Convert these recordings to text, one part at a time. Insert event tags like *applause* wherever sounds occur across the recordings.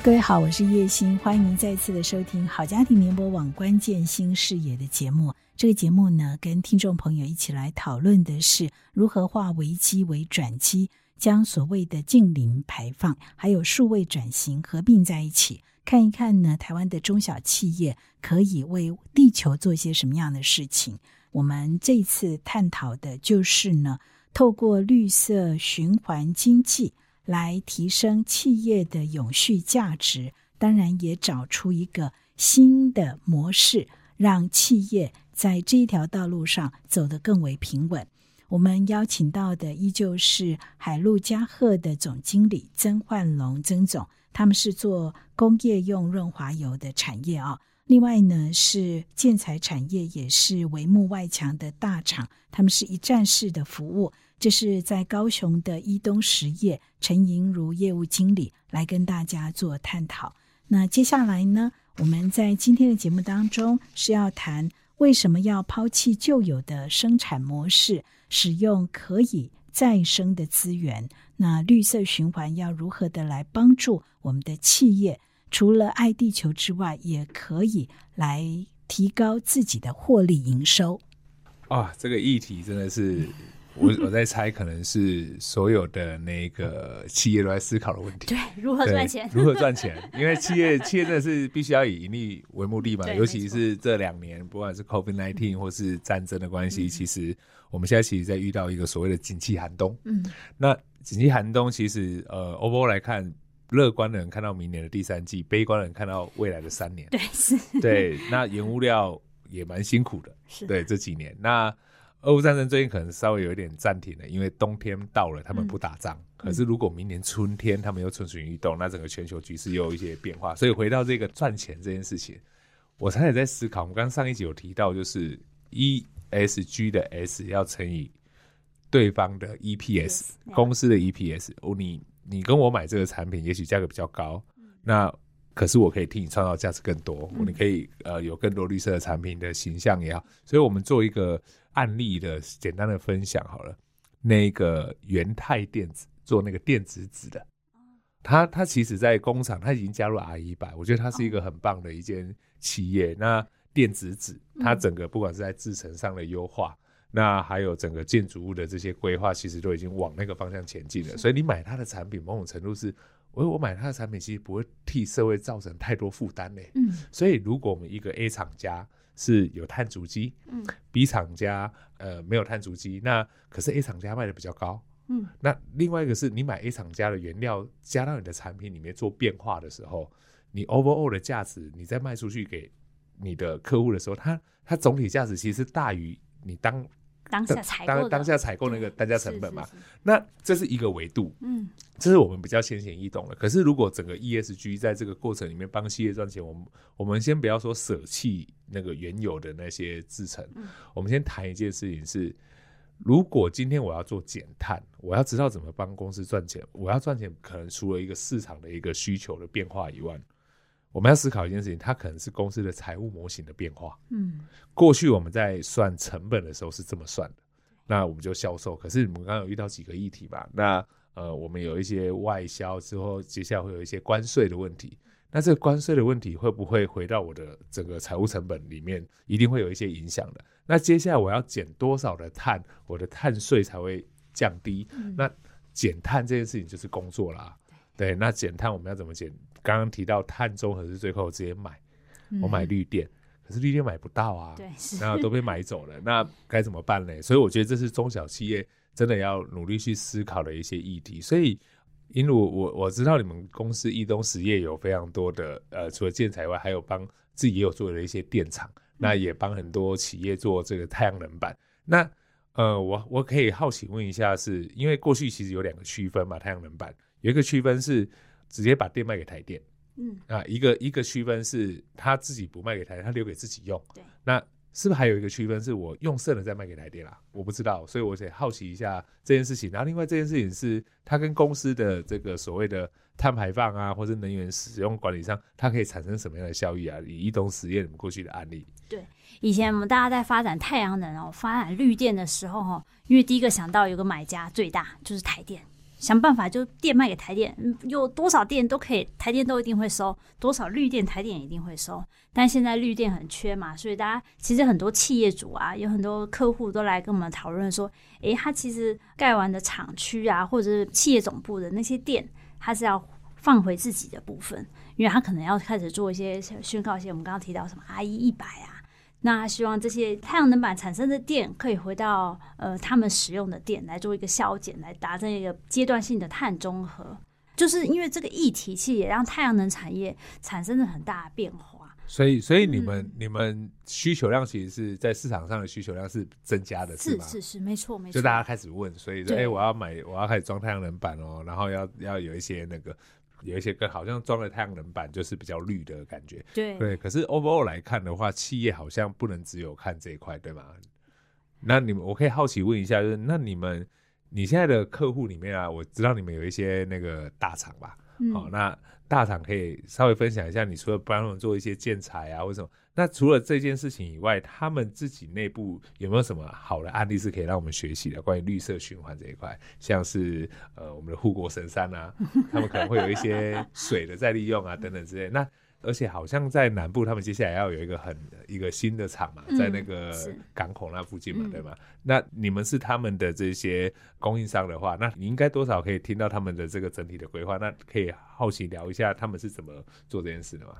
各位好，我是葉欣，歡迎您再次的收聽好家庭聯播網關鍵新視野的節目。這個節目呢，跟聽眾朋友一起來討論的是如何化危機為轉機，將所謂的淨零排放還有數位轉型合併在一起，看一看呢，台灣的中小企業可以為地球做些什麼樣的事情。我們這次探討的就是呢，透過綠色循環經濟。來提升企業的永續價值，當然也找出一個新的模式，讓企業在這一條道路上走得更為平穩。我們邀請到的依舊是海陸家赫的總經理曾煥龍，曾總，他們是做工業用潤滑油的產業啊、哦。另外呢，是建材產業，也是帷幕外牆的大廠，他們是一站式的服務。這是在高雄的壹東實業陳盈如業務經理，來跟大家做探討。那接下來呢，我們在今天的節目當中是要談為什麼要拋棄舊有的生產模式，使用可以再生的資源。那綠色循環要如何的來幫助我們的企業？除了愛地球之外，也可以來提高自己的獲利營收。啊，這個議題真的是。我我在猜，可能是所有的那個企業都在思考的問題，嗯、對，如何賺錢？如何賺錢？ *laughs* 因為企業企業真的是必須要以盈利為目的嘛，嗯、尤其是這兩年，嗯、不管是 COVID-19、嗯、或是戰爭的關係，嗯、其實我們現在其實在遇到一個所謂的景氣寒冬。嗯，那景氣寒冬，其實呃，overall 來看，樂觀的人看到明年的第三季，悲觀的人看到未來的三年。對，是，對，那原物料也蠻辛苦的，是的，對，這幾年，那。俄烏戰爭最近可能稍微有一點暫停了，因為冬天到了，他們不打仗。嗯、可是如果明年春天他們又蠢蠢欲動，那整個全球局勢又有一些變化。所以回到這個賺錢這件事情，我剛才也在思考，我們剛剛上一集有提到，就是 ESG 的 S 要乘以對方的 EPS Yes, yeah. 公司的 EPS、哦，你你跟我買這個產品，也許價格比較高，那。可是我可以替你創造價值更多，你可以呃有更多綠色的產品的形象也好，所以我們做一個案例的簡單的分享好了。那一個元太電子做那個電子紙的，它它其實在工廠它已經加入 R 一百，我覺得它是一個很棒的一間企業。那電子紙它整個不管是在製程上的優化，那還有整個建築物的這些規劃，其實都已經往那個方向前進了。所以你買它的產品，某種程度是。我我買他的產品其實不會替社會造成太多負擔，欸嗯、所以如果我們一個 A 廠家是有碳足跡，嗯、B 廠家呃沒有碳足跡，那可是 A 廠家賣的比較高，嗯、那另外一個是你買 A 廠家的原料加到你的產品裡面做變化的時候，你 overall 的價值你再賣出去給你的客戶的時候，它它總體價值其實大於你當。當下採購那個單價成本嘛，是是是，那這是一個維度，嗯，這是我們比較淺顯易懂的。可是如果整個 ESG 在這個過程裡面幫企業賺錢，我們我們先不要說捨棄那個原有的那些製程，嗯，我們先談一件事情是：如果今天我要做減碳，我要知道怎麼幫公司賺錢，我要賺錢，可能除了一個市場的一個需求的變化以外。我們要思考一件事情，它可能是公司的財務模型的變化。嗯，過去我們在算成本的時候是這麼算的，那我們就銷售。可是你們剛剛有遇到幾個議題吧？那呃，我們有一些外銷之後，接下來會有一些關稅的問題。那這個關稅的問題會不會回到我的整個財務成本裡面？一定會有一些影響的。那接下來我要減多少的碳，我的碳稅才會降低？嗯，那減碳這件事情就是工作啦。對，對，那減碳我們要怎麼減？剛剛提到碳中和是最後直接買，嗯、我買綠電，可是綠電買不到啊，然後對都被買走了， *laughs* 那該怎麼辦呢？所以我覺得這是中小企業真的要努力去思考的一些議題。所以，盈如我我知道你們公司壹東實業有非常多的呃，除了建材外，還有幫自己也有做了一些電廠，嗯、那也幫很多企業做這個太陽能板。那呃，我我可以好奇問一下是，是因為過去其實有兩個區分嘛？太陽能板有一個區分是。直接把電賣給台電，嗯啊，一個一個區分是，他自己不賣給台電，他留給自己用。對，那是不是還有一個區分是，我用剩了再賣給台電啦、啊？我不知道，所以我得好奇一下這件事情。然後另外這件事情是，他跟公司的這個所謂的碳排放啊，或者能源使用管理上，它可以產生什麼樣的效益啊？以移動實驗我們過去的案例，對，以前我們大家在發展太陽能哦，發展綠電的時候哈、哦，因為第一個想到有個買家最大就是台電。想辦法就電賣給台電，有多少電都可以，台電都一定會收，多少綠電台電也一定會收。但現在綠電很缺嘛，所以大家其實很多企業主啊，有很多客戶都來跟我們討論說，誒，他其實蓋完的廠區啊，或者是企業總部的那些電，他是要放回自己的部分，因為他可能要開始做一些宣告，一些我們剛剛提到什麼 RE100 啊。那希望這些太陽能板產生的電可以回到呃他們使用的電來做一個消減，來達成一個階段性的碳中和。就是因為這個議題，也讓太陽能產業產生了很大的變化。所以，所以你們、嗯、你們需求量其實是在市場上的需求量是增加的是嗎？是是是，沒錯沒錯。就大家開始問，所以說哎對、欸，我要買，我要開始裝太陽能板哦，然後要要有一些那個。有一些跟好像裝了太陽能板，就是比較綠的感覺。對對，可是 overall 來看的話，企業好像不能只有看這一塊，對嗎？那你們我可以好奇問一下，就是那你們你現在的客戶裡面啊，我知道你們有一些那個大廠吧？好、哦，那大廠可以稍微分享一下，你除了幫他們做一些建材啊，或什麼，那除了這件事情以外，他們自己內部有沒有什麼好的案例是可以讓我們學習的？關於綠色循環這一塊，像是呃我們的護國神山吶、啊， *laughs* 他們可能會有一些水的再利用啊，等等之類的。那而且好像在南部，他們接下來要有一個很一個新的廠嘛，在那個港口那附近嘛，嗯嗯、對嗎？那你們是他們的這些供應商的話，那你應該多少可以聽到他們的這個整體的規劃？那可以好奇聊一下他們是怎麼做這件事的嗎？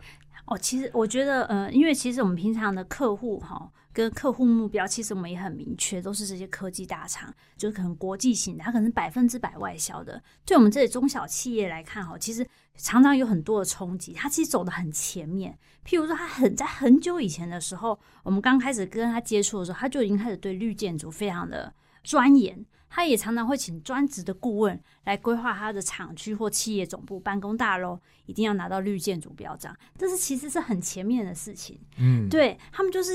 哦，其實我覺得，呃，因為其實我們平常的客戶哈、哦，跟客戶目標，其實我們也很明確，都是這些科技大廠，就是可能國際型的，它可能百分之百外銷的。對我們這些中小企業來看，哈、哦，其實常常有很多的衝擊。它其實走得很前面。譬如說，他很在很久以前的時候，我們剛開始跟他接觸的時候，他就已經開始對綠建築非常的鑽研。他也常常會請專職的顧問來規劃他的廠區或企業總部辦公大樓，一定要拿到綠建築標章。這是其實是很前面的事情。嗯，對，他們就是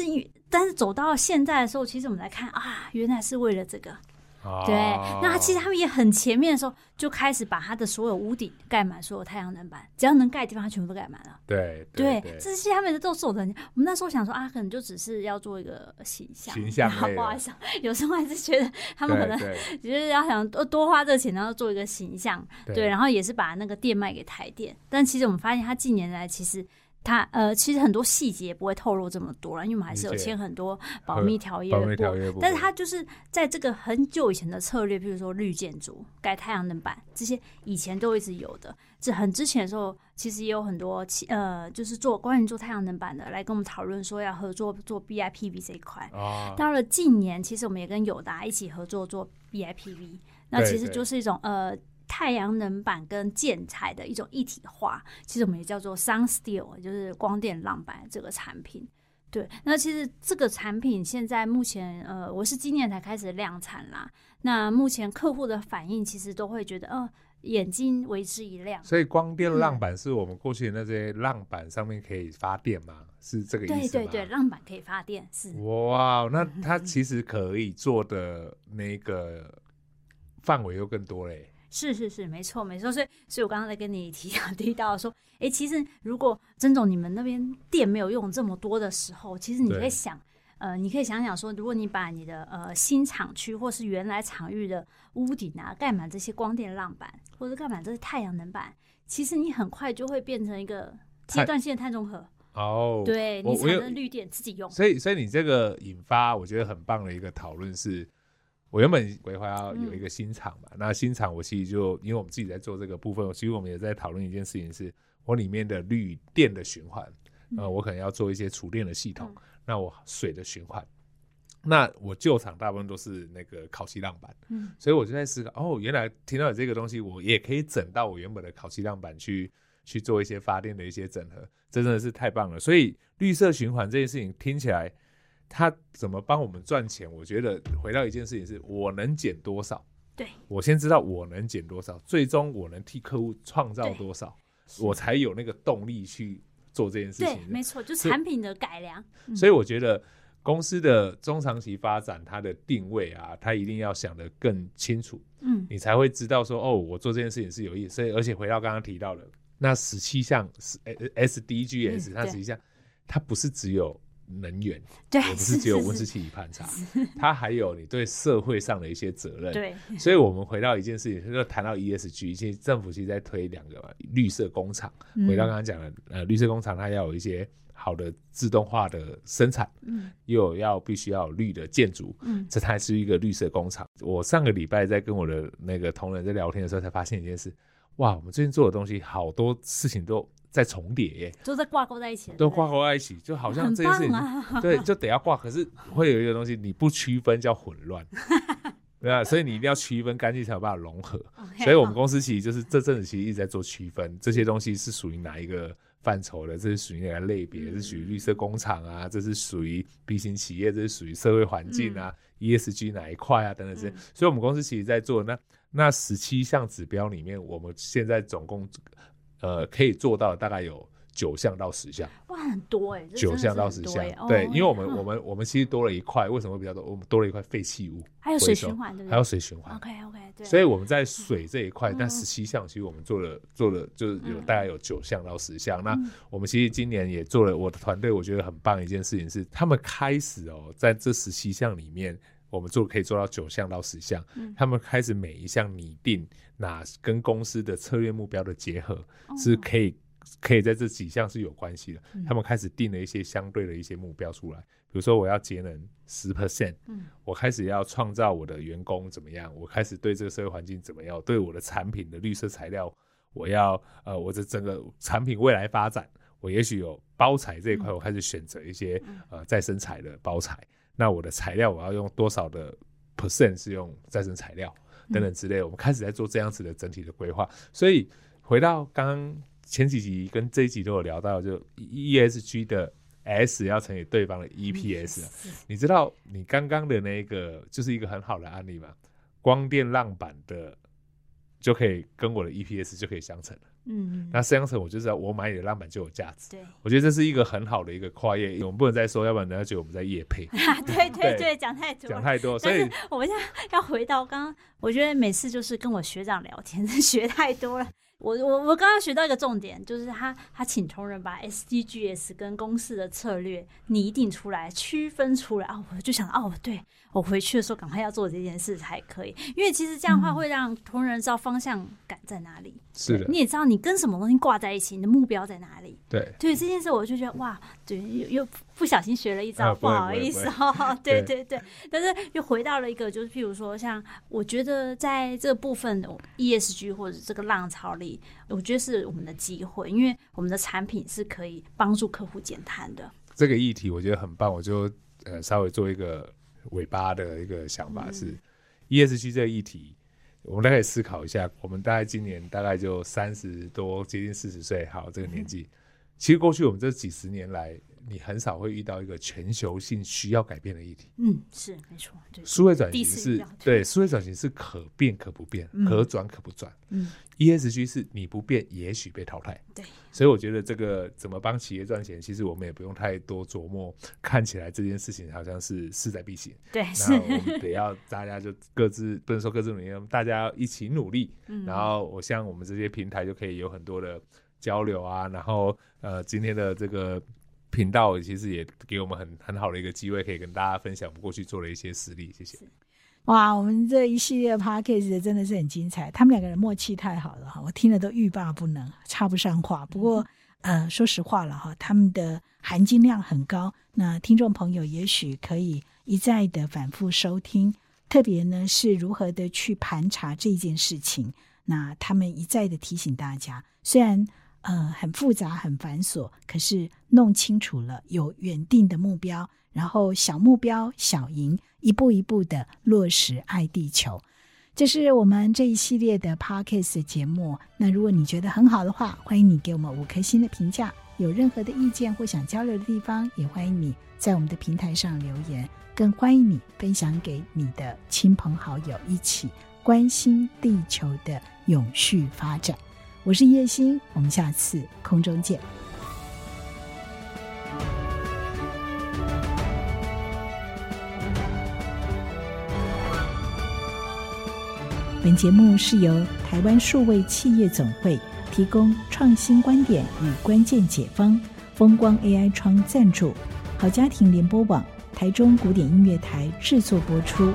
但是走到現在的時候，其實我們來看啊，原來是為了這個。哦、對，那他其實他們也很前面的時候就開始把他的所有屋頂蓋滿所有太陽能板，只要能蓋的地方他全部蓋滿了。對對，對，對，這些他的都是我們。我們那時候想說啊，可能就只是要做一個形象，形象好，不好意思，對對對，有時候還是覺得他們可能就是要想多花這個錢，然後做一個形象，對，對對對，然後也是把那個電賣給台電。但其實我們發現他近年來其實。他呃，其實很多細節不會透露這麼多了，因為我們還是有簽很多保密條約。保密條約。但是，他就是在這個很久以前的策略，比如說綠建築、蓋太陽能板這些，以前都一直有的。這很之前的時候，其實也有很多呃，就是做關於做太陽能板的，來跟我們討論說要合作做 BIPV 這一塊。啊、到了近年，其實我們也跟友達一起合作做 BIPV，那其實就是一種呃。對對對太陽能板跟建材的一種一體化，其實我們也叫做 Sun Steel，就是光電浪板這個產品。對，那其實這個產品現在目前，呃，我是今年才開始量產啦。那目前客戶的反應其實都會覺得，哦、呃，眼睛為之一亮。所以，光電浪板是我們過去那些浪板上面可以發電嗎？嗯、是這個意思嗎？對對對，浪板可以發電是。哇，wow, 那它其實可以做的那個範圍又更多嘞。是是是，沒錯沒錯，所以所以我剛剛在跟你提講提到說，哎、欸，其實如果曾總你們那邊電沒有用這麼多的時候，其實你可以想，對呃，你可以想想說，如果你把你的呃新廠區或是原來廠域的屋頂啊蓋滿這些光電浪板，或者蓋滿這些太陽能板，其實你很快就會變成一個階段性的碳中和哦。太對，你產生綠電自己用。所以所以你這個引發我覺得很棒的一個討論是。我原本規劃要有一個新廠嘛，嗯、那新廠我其實就因為我們自己在做這個部分，其實我們也在討論一件事情是，是我裡面的綠電的循環，呃、嗯，我可能要做一些儲電的系統，嗯、那我水的循環，那我舊廠大部分都是那個烤漆浪板，嗯、所以我就在思考，哦，原來聽到有這個東西，我也可以整到我原本的烤漆浪板去去做一些發電的一些整合，這真的是太棒了。所以綠色循環這件事情聽起來。他怎麼幫我們賺錢？我覺得回到一件事情是，我能減多少？對，我先知道我能減多少，最終我能替客戶創造多少，對我才有那個動力去做這件事情。對，沒錯，就產品的改良。所以，嗯、所以我覺得公司的中長期發展，它的定位啊，它一定要想得更清楚。嗯，你才會知道說，哦，我做這件事情是有意義。所以而且回到剛剛提到的那十七項是 S D G、嗯、S，它實際上它不是只有。能源，對也不是只有溫室氣體盤查，是是是它還有你對社會上的一些責任。 *laughs* 對 所以我們回到一件事情，就談到 ESG，政府其實在推兩個綠色工廠。回到剛剛講的，嗯呃，綠色工廠它要有一些好的自動化的生產，嗯，又有要必須要有綠的建築，這才，嗯，是一個綠色工廠。我上個禮拜在跟我的那個同仁在聊天的時候，才發現一件事，哇，我們最近做的東西好多事情都。重點耶就在重疊，都在掛鈎在一起，都掛鈎在一起，對就好像這件事情，啊、對，就得要掛。可是會有一個東西你不區分叫混亂， *laughs* 對吧？所以你一定要區分乾淨才有辦法融合。 *laughs* 所以我們公司其實就是這陣子其實一直在做區分， *laughs* 這些東西是屬於哪一個範疇的？這是屬於哪個類別？嗯、是屬於綠色工廠啊？這是屬於 B 型企業？這是屬於社會環境啊、嗯、？ESG 哪一塊啊？等等這些。嗯、所以我們公司其實在做那那十七項指標裡面，我們現在總共。呃，可以做到大概有九項到十項，哇，很多誒、欸，九項、欸、到十項，哦、對，因為我們、嗯、我們我們其實多了一塊，為什麼會比較多？我們多了一塊廢棄物，還有水循環，對不對？還有水循環，OK OK，對、啊。所以我們在水這一塊，嗯、但十七項其實我們做了、嗯、做了，就是有大概有九項到十項。嗯、那我們其實今年也做了，我的團隊我覺得很棒一件事情是，嗯、他們開始哦，在這十七項裡面。我們做可以做到九項到十項，嗯、他們開始每一項擬定哪跟公司的策略目標的結合，是可以、哦、可以在這幾項是有關係的。嗯、他們開始定了一些相對的一些目標出來，比如說我要節能十 percent，、嗯、我開始要創造我的員工怎麼樣，我開始對這個社會環境怎麼樣，我對我的產品的綠色材料，我要呃我的整個產品未來發展，我也許有包材這一塊，嗯、我開始選擇一些呃再生材的包材，那我的材料我要用多少的 percent 是用再生材料等等之類，嗯、我們開始在做這樣子的整體的規劃。所以回到剛剛前幾集跟這一集都有聊到，就 ESG 的 S 要乘以對方的 EPS、嗯。你知道你剛剛的那個就是一個很好的案例嘛？光電浪板的就可以跟我的 EPS 就可以相乘了。嗯，那沈陽城，我就知道我買你的浪漫，就有價值。對，我覺得這是一個很好的一個跨越，我們不能再說，要不然人家覺得我們在業配。對對 *laughs* 對，講太多，講太多。所以，我們現在要回到剛剛，我覺得每次就是跟我學長聊天，學太多了。我我我剛剛學到一個重點，就是他他請同仁把 SDGs 跟公司的策略擬定出來，區分出來啊。我就想，哦、啊，對我回去的時候趕快要做這件事才可以，因為其實這樣的話會讓同仁知道方向感在哪裡。嗯是的，你也知道你跟什麼東西掛在一起，你的目標在哪裡？對對，這件事我就覺得哇，對，又又不小心學了一招，啊，不好意思，對對對。但是又回到了一個，就是譬如說像，像我覺得在這部分 ESG 或者這個浪潮裡，我覺得是我們的機會，因為我們的產品是可以幫助客戶減碳的。這個議題我覺得很棒，我就呃稍微做一個尾巴的一個想法是，嗯，ESG 這個議題。我們大概思考一下，我們大概今年大概就三十多，接近四十歲，好這個年紀，嗯，其實過去我們這幾十年來。你很少會遇到一個全球性需要改變的議題。嗯，是沒錯，對。數位轉型是對，對，數位轉型是可變可不變，嗯、可轉可不轉。嗯，ESG 是你不變，也許被淘汰。對，所以我覺得這個怎麼幫企業賺錢，其實我們也不用太多琢磨。看起來這件事情好像是勢在必行。對，是。然後我們得要大家就各自 *laughs* 不能說各自努力，大家要一起努力。嗯、然後我像我們這些平台就可以有很多的交流啊。然後呃，今天的這個。頻道其實也給我們很很好的一個機會，可以跟大家分享我們過去做了一些實例。謝謝。哇，我們這一系列 podcast 真的是很精彩，他們兩個人默契太好了哈，我聽了都欲罷不能，插不上話。不過，嗯、呃，說實話了哈，他們的含金量很高。那聽眾朋友也許可以一再的反復收聽，特別呢是如何的去盤查這件事情。那他們一再的提醒大家，雖然。呃、嗯，很複雜，很繁瑣，可是弄清楚了，有遠定的目標，然後小目標小贏，一步一步的落實愛地球。這是我們這一系列的 podcast 節目。那如果你覺得很好的話，歡迎你給我們五顆星的評價。有任何的意見或想交流的地方，也歡迎你在我們的平台上留言。更歡迎你分享給你的親朋好友，一起關心地球的永續發展。我是葉欣，我們下次空中見。本節目是由臺灣數位企業總會提供創新觀點與關鍵解方，風光 AI 窗贊助，好家庭聯播網臺中古典音樂台製作播出。